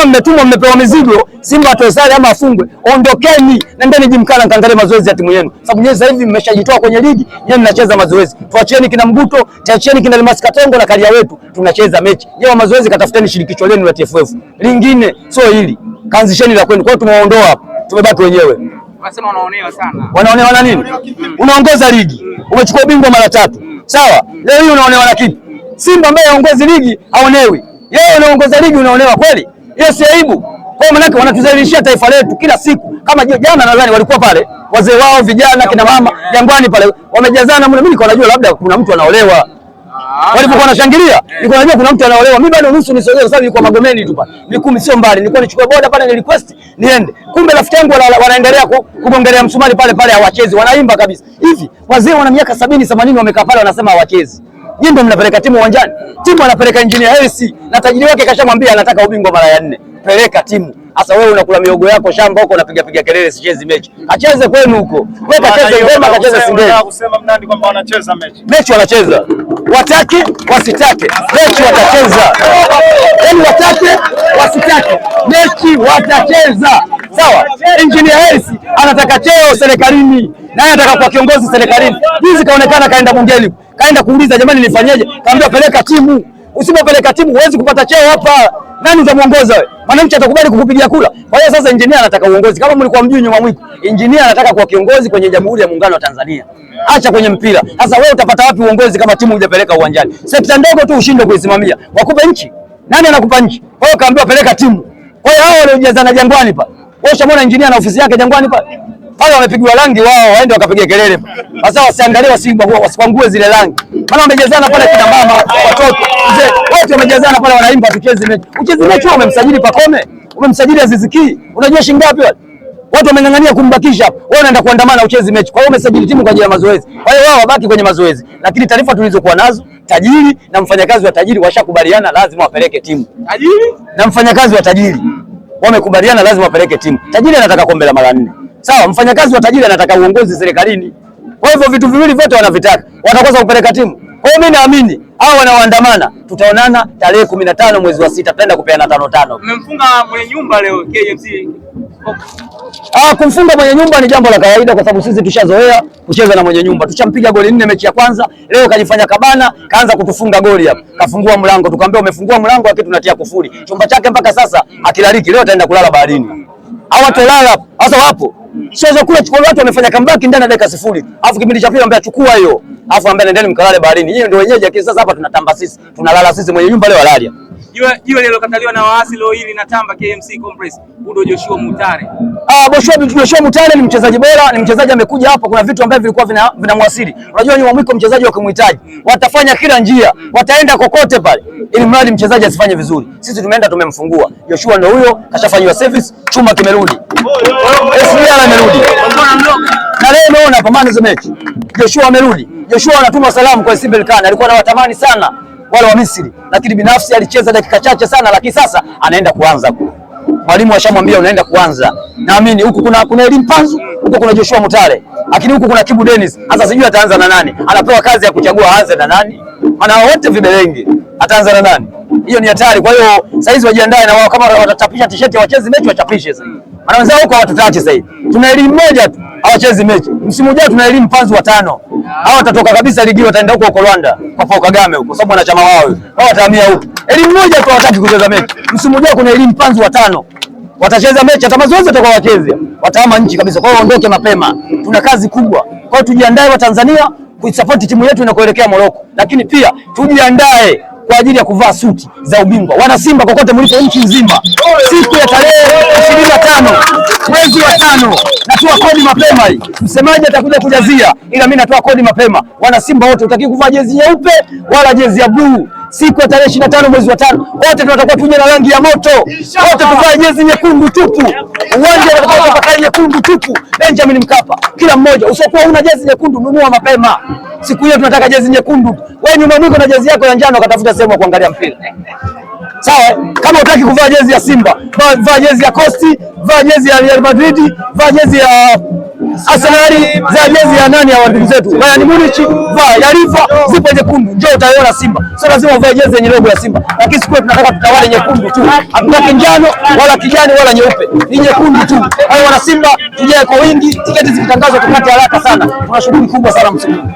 kama mmetumwa mmepewa mizigo, Simba atoesale ama afungwe, ondokeni, nendeni jimkana kaangalie mazoezi ya timu yenu, sababu nyewe sasa hivi mmeshajitoa kwenye ligi, nyewe mnacheza mazoezi. Tuachieni kina Mguto, tuachieni kina Limas Katongo na kalia wetu, tunacheza mechi. Nyewe mazoezi katafuteni shirikisho lenu la TFF lingine, sio hili, kaanzisheni la kwenu. Kwa hiyo tumewaondoa hapa, tumebaki wenyewe. Unasema wanaonewa sana, wanaonewa na nini? Unaongoza ligi, umechukua ubingwa mara tatu, sawa? Leo hii unaonewa na kipi? Simba ambaye aongozi ligi haonewi, yeye anaongoza ligi unaonewa kweli? Yes, si aibu kwa maana wanatuzalilishia taifa letu kila siku. Kama jana nadhani walikuwa pale wazee wao vijana kina mama Jangwani pale wamejazana, mimi nilikuwa najua labda kuna mtu anaolewa walipokuwa wanashangilia nilikuwa najua kuna mtu anaolewa. Mimi bado nusu nisogee, kwa sababu nilikuwa Magomeni tu pale, Mikumi sio mbali, nilikuwa nichukue boda pale, ni request niende. Kumbe rafiki yangu wanaendelea kugongelea msumari pale pale, hawachezi, wanaimba kabisa hivi. Wazee wana miaka sabini themanini wamekaa pale, wanasema hawachezi. Nyinyi ndio mnapeleka timu uwanjani. Timu anapeleka Engineer Hersi na tajiri wake kashamwambia anataka ubingwa mara ya nne. Peleka timu. Sasa wewe unakula miogo yako shamba huko unapiga piga kelele sichezi mechi. Acheze kwenu huko. Wewe kacheze Ngoma kacheze Singeli. Unataka kusema mnandi kwamba wanacheza mechi. Mechi wanacheza. Watake wasitake. Mechi watacheza. Yaani watake wasitake. Mechi watacheza. Sawa. Engineer Hersi anataka cheo serikalini. Naye anataka kuwa kiongozi serikalini. Hizi kaonekana kaenda bungeni kaenda kuuliza, jamani, nifanyeje? Kaambia peleka timu. Usipopeleka timu huwezi kupata cheo hapa. Nani utamuongoza wewe? Mwanamke atakubali kukupigia kula? Kwa hiyo sasa injinia anataka uongozi. Kama mlikuwa mjui nyuma wiki, injinia anataka kuwa kiongozi kwenye Jamhuri ya Muungano wa Tanzania. Acha kwenye mpira. Sasa wewe utapata wapi uongozi kama timu hujapeleka uwanjani? Sekta ndogo tu ushindwe kuisimamia. Wakupe nchi? Nani anakupa nchi? Kwa hiyo kaambiwa peleka timu. Kwa hiyo hao waliojazana Jangwani pa. Wewe ushamwona injinia na ofisi yake Jangwani pa? pale wamepigwa rangi wao waende wakapiga kelele. Sasa wasiangalie wasipangue zile rangi. Maana wamejazana pale kina mama, watoto, mzee, wote wamejazana pale wanaimba tucheze mechi. Ucheze mechi wao wamemsajili Pakome, umemsajili Aziz Ki. Unajua shilingi ngapi wale? Watu wameng'ang'ania kumbakisha hapo. Wewe unaenda kuandamana ucheze mechi. Kwa hiyo wamesajili timu kwa ajili ya mazoezi. Kwa hiyo wao wabaki kwenye mazoezi. Lakini taarifa tulizokuwa nazo, tajiri na mfanyakazi wa tajiri washakubaliana lazima wapeleke timu. Tajiri na mfanyakazi wa tajiri wamekubaliana lazima wapeleke timu. Tajiri anataka kombe la mara nne. Sawa, mfanyakazi wa tajiri anataka uongozi serikalini. Kwa hivyo vitu viwili vyote wanavitaka, wanakosa kupeleka timu. Kwa hiyo mimi naamini hao wanaoandamana, tutaonana tarehe kumi na tano mwezi wa sita, tutaenda kupeana tano tano. Mmemfunga mwenye nyumba leo KMC. Ah, kumfunga mwenye nyumba ni jambo la kawaida kwa sababu sisi tushazoea kucheza na mwenye nyumba. Tushampiga goli nne mechi ya kwanza, leo kajifanya kabana, kaanza kutufunga goli hapa. Kafungua mlango, tukamwambia umefungua mlango, lakini tunatia kufuri. Chumba chake mpaka sasa akilaliki, leo ataenda kulala baharini. Hawatolala sasa wapo. Sasa kule chukua watu wamefanya comeback ndani ya dakika sifuri. Alafu kipindi cha pili ambaye chukua hiyo. Alafu ambaye nendeni mkalale baharini. Yeye ndio wenyeji lakini sasa hapa tunatamba sisi. Tunalala sisi mwenye nyumba leo alalia jiwe lililokataliwa na waasi leo hili na Tamba KMC Complex. Budo Joshua Mutare. Ah, Joshua Mutare ni mchezaji bora, ni mchezaji amekuja hapa, kuna vitu ambavyo vilikuwa vinamwasili. Unajua nyuma mwiko mchezaji wakimhitaji, mm. watafanya kila njia, mm. wataenda kokote pale mm. ili mradi mchezaji asifanye vizuri. Sisi tumeenda tumemfungua. Joshua ndio huyo, kashafanywa service, chuma kimerudi. SBL amerudi. Na leo unaona pambano za mechi. Joshua amerudi. Joshua anatuma salamu kwa Sibel Khan, alikuwa anawatamani sana wale wa Misri, lakini binafsi alicheza dakika chache sana, lakini sasa anaenda kuanza Mwalimu ashamwambia unaenda kuanza. Naamini huku kuna kuna Elim Panzu, huku kuna Joshua Mutale, lakini huku kuna Kibu Dennis. Sasa sijui ataanza na nani, anapewa kazi ya kuchagua aanze na nani, maana wote vibelengi, ataanza na nani? hiyo ni hatari. Kwa hiyo sasa hizi wajiandae na wao, kama watachapisha t-shirt ya hawachezi mechi wachapishe sasa, maana wenzao huko hawatutachi sasa Tuna elimu moja tu, hawachezi mechi. Msimu ujao tuna elimu panzu watano, hao watatoka kabisa ligi, wataenda huko huko Rwanda kwa Paul Kagame huko, sababu wanachama wao wao watahamia huko. Elimu moja tu, hawataki kucheza mechi. Msimu ujao kuna elimu panzu watano watacheza mechi, hata mazoezi watakuwa wacheze, watahama nchi kabisa. Kwa hiyo waondoke mapema, tuna kazi kubwa. Kwa hiyo tujiandae wa Tanzania kuisupport timu yetu inakoelekea Morocco, lakini pia tujiandae kwa ajili ya kuvaa suti za ubingwa. Wana Simba kokote mlipo nchi nzima, siku ya tarehe ishirini na tano mwezi wa tano natoa kodi mapema hii. Msemaji atakuja kujazia, ila mimi natoa kodi mapema. Wana Simba wote utaki kuvaa jezi nyeupe wala jezi ya bluu siku ya tarehe ishirini na tano mwezi wa tano wote tunatakuwa tunye na rangi ya moto, wote tuvae jezi nyekundu tupu. Uwanja utakaotapakai nyekundu tupu, Benjamin Mkapa. Kila mmoja usiokuwa una jezi nyekundu nunua mapema, siku hiyo tunataka jezi nyekundu ukae nyuma mwiko na jezi yako ya njano katafuta sehemu ya kuangalia mpira. Sawa, kama hutaki kuvaa jezi ya Simba, vaa jezi ya Costi, vaa jezi ya Real Madrid, vaa jezi ya Arsenal, vaa jezi ya nani ya ndugu zetu Bayern Munich, vaa ya Rifa, zipo nyekundu, njoo utaiona Simba. Sio lazima uvae jezi yenye logo ya Simba, lakini sikuwa tunataka tutawale nyekundu tu, hatutaki njano wala kijani wala nyeupe, ni nyekundu tu. Hayo wana Simba, tujae kwa wingi, tiketi zikitangazwa tupate haraka sana, tuna shughuli kubwa sana msimu.